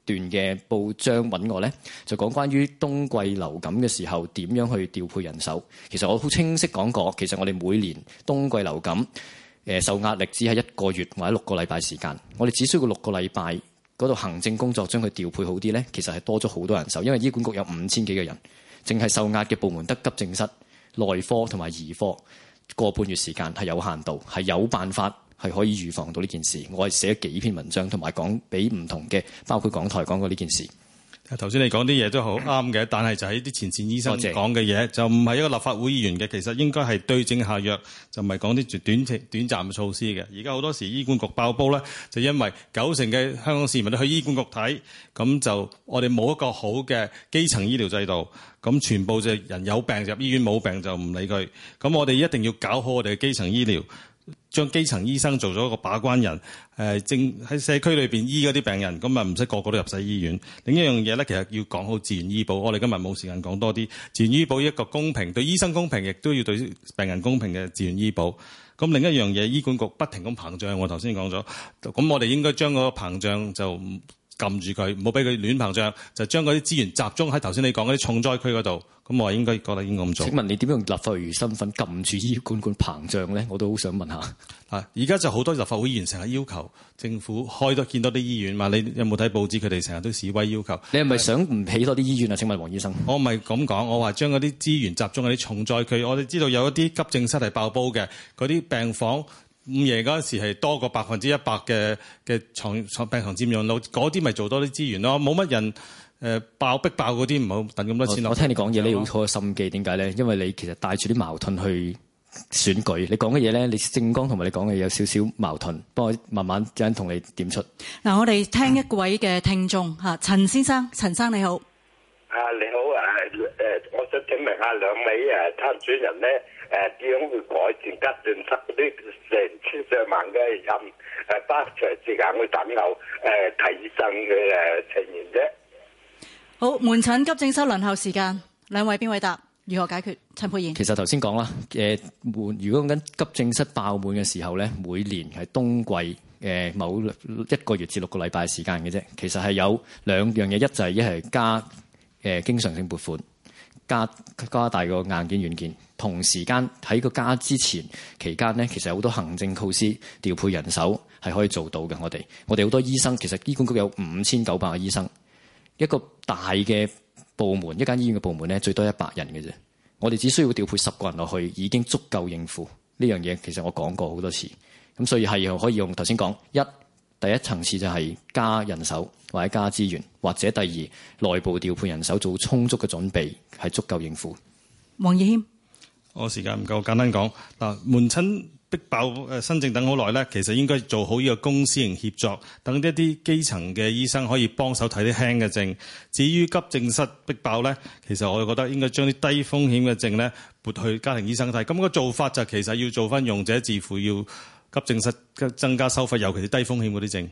段嘅報章揾我咧，就講關於冬季流感嘅時候點樣去調配人手。其實我好清晰講過，其實我哋每年冬季流感、呃、受壓力只係一個月或者六個禮拜時間，我哋只需要六個禮拜嗰度行政工作將佢調配好啲咧，其實係多咗好多人手，因為醫管局有五千幾個人。淨係受壓嘅部門得急症室、內科同埋兒科，個半月時間係有限度，係有辦法係可以預防到呢件事。我係寫咗幾篇文章同埋講俾唔同嘅，包括港台講過呢件事。頭先你講啲嘢都好啱嘅，但係就喺啲前線醫生講嘅嘢，謝謝就唔係一個立法會議員嘅。其實應該係對症下藥，就唔係講啲短暫、短暫嘅措施嘅。而家好多時醫管局爆煲呢，就因為九成嘅香港市民都去醫管局睇，咁就我哋冇一個好嘅基層醫療制度，咁全部就人有病就入醫院，冇病就唔理佢。咁我哋一定要搞好我哋嘅基層醫療。將基層醫生做咗一個把關人，誒，正喺社區裏邊醫嗰啲病人，咁咪唔使個個都入晒醫院。另一樣嘢呢，其實要講好自願醫保，我哋今日冇時間講多啲自願醫保一個公平，對醫生公平，亦都要對病人公平嘅自願醫保。咁另一樣嘢，醫管局不停咁膨脹，我頭先講咗，咁我哋應該將嗰個膨脹就。撳住佢，唔好俾佢亂膨脹，就將嗰啲資源集中喺頭先你講嗰啲重災區嗰度。咁我應該覺得已經咁做。請問你點樣用立法會議員身份撳住醫院管管膨脹咧？我都好想問下。啊，而家就好多立法會議員成日要求政府開多建多啲醫院嘛？你有冇睇報紙？佢哋成日都示威要求。你係咪想唔起多啲醫院啊？請問黃醫生。 <laughs> 我唔係咁講，我話將嗰啲資源集中喺啲重災區。我哋知道有一啲急症室係爆煲嘅，嗰啲病房。五爺嗰時係多過百分之一百嘅嘅牀牀病床佔用咯，嗰啲咪做多啲資源咯，冇乜人誒、呃、爆逼爆嗰啲唔好等咁多錢咯。我聽你講嘢，樣你好錯心機，點解咧？因為你其實帶住啲矛盾去選舉，你講嘅嘢咧，你政綱同埋你講嘅有少少矛盾，幫我慢慢陣同你點出。嗱、嗯啊，我哋聽一位嘅聽眾嚇，陳先生，陳生你好。啊，你好啊誒、呃，我想請問下兩位誒參選人咧。誒，點樣去改善急症室嗰啲成千上萬嘅人誒，不長時間去等候誒，提振嘅誒資源啫。好，門診急症室輪候時間，兩位邊位答如何解決？陳佩賢，其實頭先講啦，誒，滿如果講緊急症室爆滿嘅時候咧，每年係冬季誒某一個月至六個禮拜時間嘅啫。其實係有兩樣嘢，一就係一係加誒經常性撥款。加加大個硬件、軟件，同時間喺個加之前期間咧，其實有好多行政措施調配人手係可以做到嘅。我哋我哋好多醫生其實醫管局有五千九百個醫生，一個大嘅部門一間醫院嘅部門咧最多一百人嘅啫。我哋只需要調配十個人落去已經足夠應付呢樣嘢。其實我講過好多次咁，所以係可以用頭先講一。第一層次就係加人手或者加資源，或者第二內部調配人手做充足嘅準備，係足夠應付。黃業，我時間唔夠，簡單講嗱。但門診逼爆，誒新症等好耐咧，其實應該做好呢個公私營協作，等一啲基層嘅醫生可以幫手睇啲輕嘅症。至於急症室逼爆咧，其實我覺得應該將啲低風險嘅症咧撥去家庭醫生睇。咁、那個做法就其實要做翻用者自負要。急症室增加收費，尤其是低風險嗰啲症。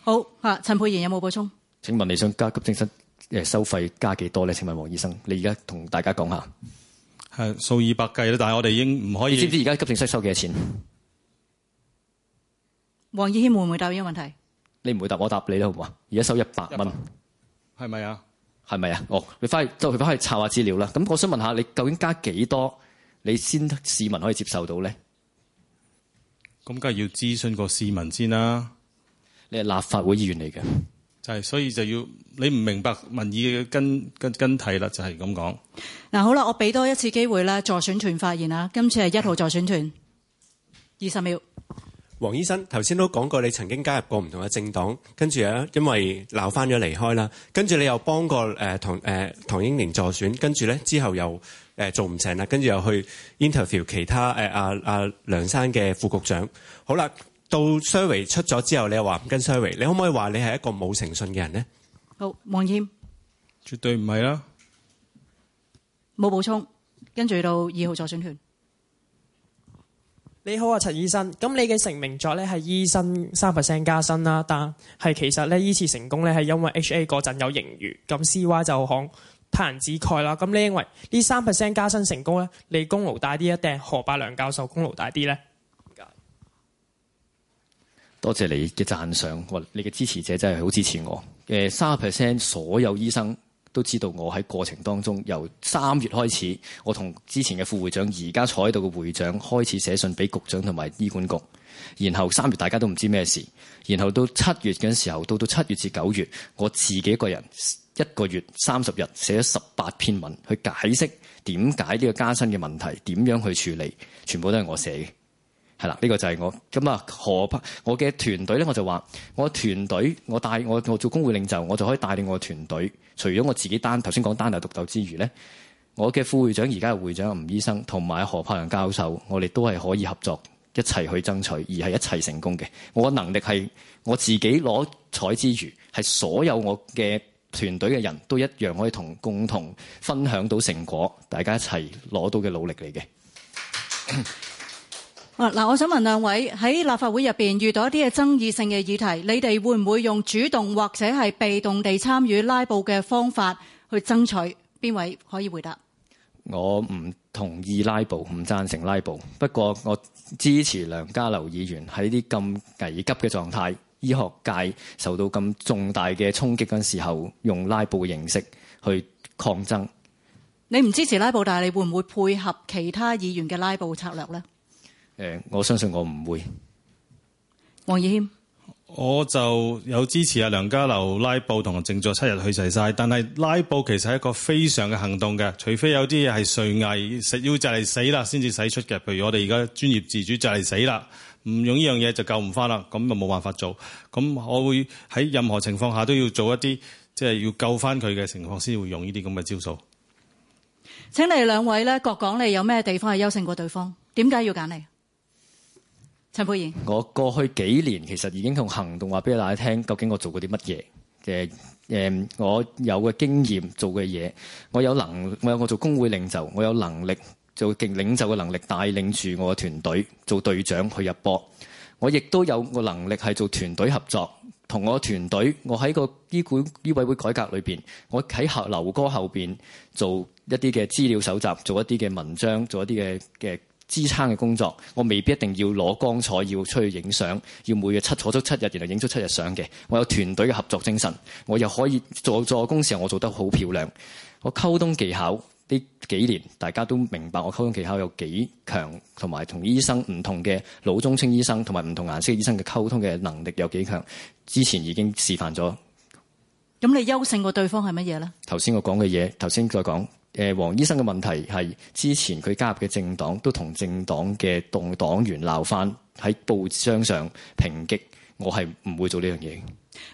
好啊，陳佩賢有冇補充？請問你想加急症室誒收費加幾多咧？請問黃醫生，你而家同大家講下係數以百計啦，但係我哋已經唔可以。你知唔知而家急症室收幾多錢？黃以軒會唔會答呢個問題？你唔會答，我答你啦，好唔好啊？而家收一百蚊，係咪啊？係咪啊？哦，你翻去就翻去查下資料啦。咁我想問下，你究竟加幾多，你先市民可以接受到咧？咁梗係要諮詢個市民先啦。你係立法會議員嚟嘅，就係、是、所以就要你唔明白民意嘅根根根體啦，就係咁講。嗱，好啦，我俾多一次機會啦，助選團發言啦。今次係一號助選團，二十秒。黃醫生頭先都講過，你曾經加入過唔同嘅政黨，跟住呀，因為鬧翻咗離開啦，跟住你又幫過誒、呃、唐誒、呃、唐英年助選，跟住咧之後又。誒做唔成啦，跟住又去 interview 其他誒阿阿梁生嘅副局長。好啦，到 s e r v y 出咗之後，你又話唔跟 s e r v y 你可唔可以話你係一個冇誠信嘅人呢？好，王謙，絕對唔係啦。冇補充，跟住到二號左宣傳。你好啊，陳醫生。咁你嘅成名作咧係醫生三 percent 加薪啦，但係其實咧呢這次成功咧係因為 HA 陣有盈餘，咁 CY 就響。太難自蓋啦，咁你認為呢三 percent 加薪成功咧，你功勞大啲啊定何伯良教授功勞大啲咧？多謝，謝你嘅讚賞，你嘅支持者真係好支持我。誒，三 percent 所有醫生。都知道我喺過程當中，由三月開始，我同之前嘅副會長，而家坐喺度嘅會長，開始寫信俾局長同埋醫管局。然後三月大家都唔知咩事，然後到七月嘅時候，到到七月至九月，我自己一個人一個月三十日寫咗十八篇文去解釋點解呢個加薪嘅問題，點樣去處理，全部都係我寫嘅。係啦，呢個就係我咁啊，何柏，我嘅團隊咧，我就話我團隊，我帶我我做工會領袖，我就可以帶領我嘅團隊。除咗我自己單頭先講單打獨鬥之餘咧，我嘅副會長而家係會長吳醫生同埋何柏陽教授，我哋都係可以合作一齊去爭取，而係一齊成功嘅。我嘅能力係我自己攞彩之餘，係所有我嘅團隊嘅人都一樣可以同共同分享到成果，大家一齊攞到嘅努力嚟嘅。 <laughs> 嗱，我想問兩位喺立法會入邊遇到一啲嘅爭議性嘅議題，你哋會唔會用主動或者係被動地參與拉布嘅方法去爭取？邊位可以回答？我唔同意拉布，唔贊成拉布。不過我支持梁家騮議員喺啲咁危急嘅狀態，醫學界受到咁重大嘅衝擊嗰陣時候，用拉布形式去抗爭。你唔支持拉布，但係你會唔會配合其他議員嘅拉布策略呢？誒、欸，我相信我唔會。黃以謙，我就有支持阿梁家騮拉布同埋靜坐七日去齊晒，但係拉布其實係一個非常嘅行動嘅，除非有啲嘢係垂危，要就嚟死啦先至使出嘅。譬如我哋而家專業自主就嚟死啦，唔用呢樣嘢就救唔翻啦，咁就冇辦法做。咁我會喺任何情況下都要做一啲，即係要救翻佢嘅情況先會用呢啲咁嘅招數。請你兩位咧，各講你有咩地方係優勝過對方？點解要揀你？我過去幾年其實已經用行動話俾大家聽，究竟我做過啲乜嘢嘅？誒、呃，我有嘅經驗做嘅嘢，我有能，我有我做工會領袖，我有能力做領領袖嘅能力，帶領住我嘅團隊做隊長去入波。我亦都有個能力係做團隊合作，同我團隊。我喺個醫管醫委會改革裏邊，我喺後劉哥後邊做一啲嘅資料搜集，做一啲嘅文章，做一啲嘅嘅。支撐嘅工作，我未必一定要攞光彩，要出去影相，要每日七坐足七日，然後影足七日相嘅。我有團隊嘅合作精神，我又可以做助攻時候，我做得好漂亮。我溝通技巧呢幾年大家都明白，我溝通技巧有幾強，同埋同醫生唔同嘅老中青醫生同埋唔同顏色醫生嘅溝通嘅能力有幾強，之前已經示範咗。咁你優勝過對方係乜嘢呢？頭先我講嘅嘢，頭先再講。誒，黃醫生嘅問題係之前佢加入嘅政黨都同政黨嘅黨黨員鬧翻，喺報章上抨擊，我係唔會做呢樣嘢。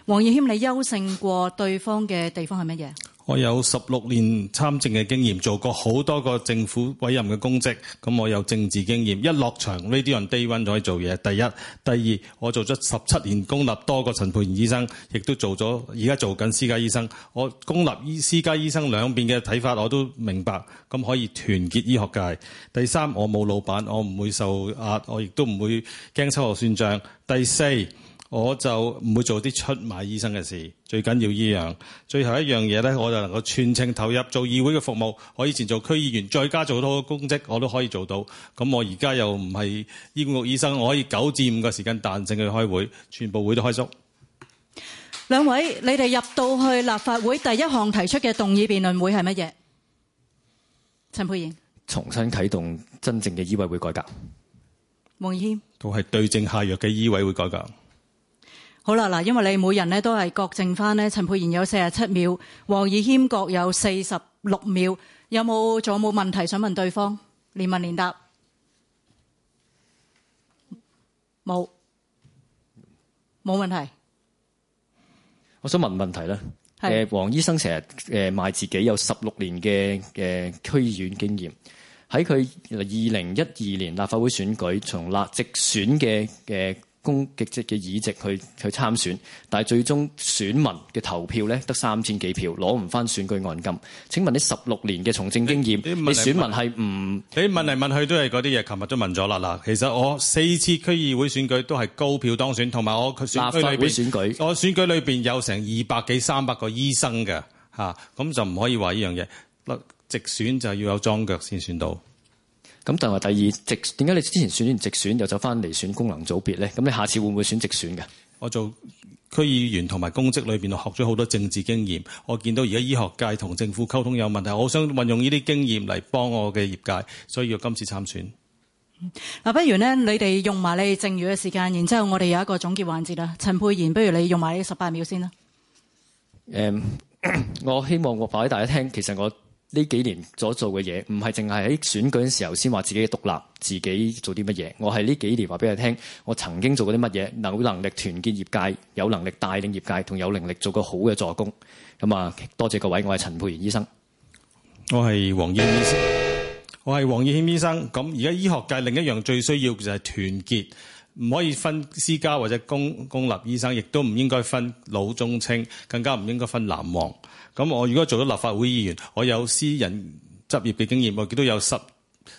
黃義謙，你優勝過對方嘅地方係乜嘢？我有十六年參政嘅經驗，做過好多個政府委任嘅公職，咁我有政治經驗。一落場 Ready on day one 就可以做嘢。第一、第二，我做咗十七年公立多個陳佩賢醫生，亦都做咗而家做緊私家醫生。我公立私家醫生兩邊嘅睇法我都明白，咁可以團結醫學界。第三，我冇老闆，我唔會受壓，我亦都唔會驚秋後算帳。第四。我就唔會做啲出賣醫生嘅事，最緊要依樣。最後一樣嘢呢，我就能夠全程投入做議會嘅服務。我以前做區議員，再加做多個公職，我都可以做到。咁我而家又唔係醫管局醫生，我可以九至五個時間彈性去開會，全部會都開足。兩位，你哋入到去立法會第一項提出嘅動議辯論會係乜嘢？陳佩妍：「重新啟動真正嘅醫委會改革。」王義：「都係對症下藥嘅醫委會改革。」好啦，嗱，因為你每人咧都係各剩翻咧，陳佩賢有四十七秒，黃以謙各有四十六秒。有冇仲有冇問題想問對方？連問連答，冇，冇問題。我想問問題咧，誒是，黃醫生成日誒賣自己有十六年嘅嘅區議員經驗，喺佢二零一二年立法會選舉從立直選嘅嘅。公極即嘅議席去去參選，但係最終選民嘅投票咧得三千幾票，攞唔翻選舉按金。請問你十六年嘅從政經驗，你，你，問問你選民係唔？你問嚟問去都係嗰啲嘢，琴日都問咗啦。嗱，其實我四次區議會選舉都係高票當選，同埋我選舉裏邊，選我選舉裏邊有成二百幾三百個醫生嘅嚇，咁、啊、就唔可以話呢樣嘢。直選就要有樁腳先選到。咁但係第二直，點解你之前選完直選又走翻嚟選功能組別咧？咁你下次會唔會選直選㗎？我做區議員同埋公職裏邊學咗好多政治經驗，我見到而家醫學界同政府溝通有問題，我想運用呢啲經驗嚟幫我嘅業界，所以要今次參選。嗱、嗯，不如呢，你哋用埋你剩餘嘅時間，然之後我哋有一個總結環節啦。陳佩然，不如你用埋呢十八秒先啦。誒、嗯，我希望我話俾大家聽，其實我。呢幾年所做嘅嘢，唔係淨係喺選舉嘅時候先話自己獨立，自己做啲乜嘢。我係呢幾年話俾你聽，我曾經做過啲乜嘢，有能力團結業界，有能力帶領業界，同有能力做個好嘅助攻。咁啊，多謝各位，我係陳佩賢醫生。我係黃醫生，我係黃義謙醫生。咁而家醫學界另一樣最需要嘅就係團結，唔可以分私家或者公公立醫生，亦都唔應該分老中青，更加唔應該分藍黃。咁我如果做咗立法會議員，我有私人執業嘅經驗，我亦都有十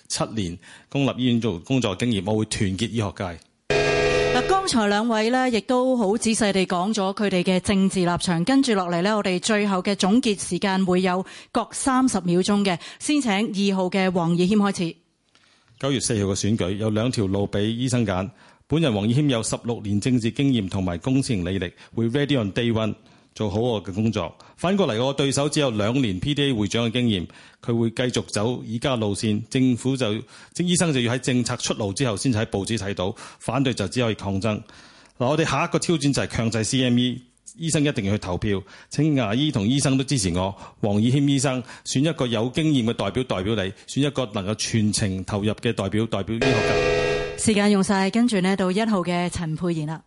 七年公立醫院做工作經驗，我會團結醫學界。嗱，剛才兩位呢亦都好仔細地講咗佢哋嘅政治立場。跟住落嚟呢，我哋最後嘅總結時間會有各三十秒鐘嘅，先請二號嘅黃以謙開始。九月四號嘅選舉有兩條路俾醫生揀，本人黃以謙有十六年政治經驗同埋工程履歷，會 ready on day one。做好我嘅工作。反過嚟，我對手只有兩年 PDA 會長嘅經驗，佢會繼續走而家路線，政府就，即醫生就要喺政策出爐之後先喺報紙睇到，反對就只可以抗爭。嗱，我哋下一個挑戰就係強制 CME，醫生一定要去投票。請牙醫同醫生都支持我。黃以謙醫生選一個有經驗嘅代表代表你，選一個能夠全程投入嘅代表代表醫學界。時間用晒，跟住呢到一號嘅陳佩賢啦。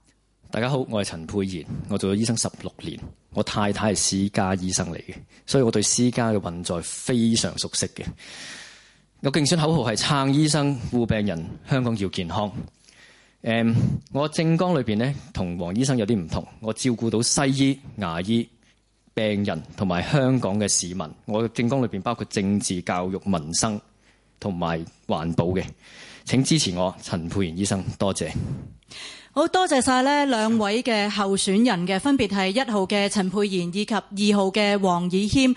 大家好，我係陳佩賢，我做咗醫生十六年，我太太係私家醫生嚟嘅，所以我對私家嘅運作非常熟悉嘅。我競選口號係撐醫生護病人，香港要健康。Um, 我政綱裏邊呢，同黃醫生有啲唔同，我照顧到西醫、牙醫、病人同埋香港嘅市民。我嘅政綱裏邊包括政治、教育、民生同埋環保嘅，請支持我，陳佩賢醫生，多謝。好多謝曬兩位嘅候選人嘅，分別係一號嘅陳佩妍以及二號嘅黃以謙。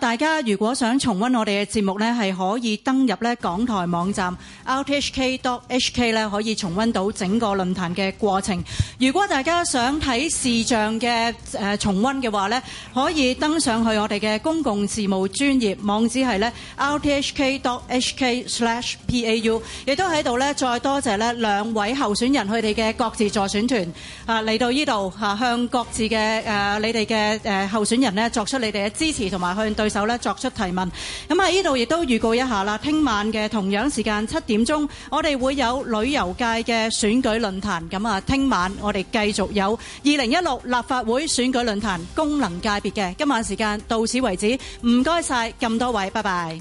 大家如果想重温我哋嘅節目係可以登入港台網站 rthk.hk 可以重温到整個論壇嘅過程。如果大家想睇視像嘅重温嘅話可以登上去我哋嘅公共事務專業網址係咧 rthk.hk/pau，亦都喺度再多謝咧兩位候選人佢哋嘅各。自助選團啊嚟到呢度啊，向各自嘅誒，你哋嘅誒候選人咧作出你哋嘅支持，同埋向對手咧作出提問。咁喺呢度亦都預告一下啦，聽晚嘅同樣時間七點鐘，我哋會有旅遊界嘅選舉論壇。咁啊，聽晚我哋繼續有二零一六立法會選舉論壇功能界別嘅。今晚時間到此為止，唔該晒咁多位，拜拜。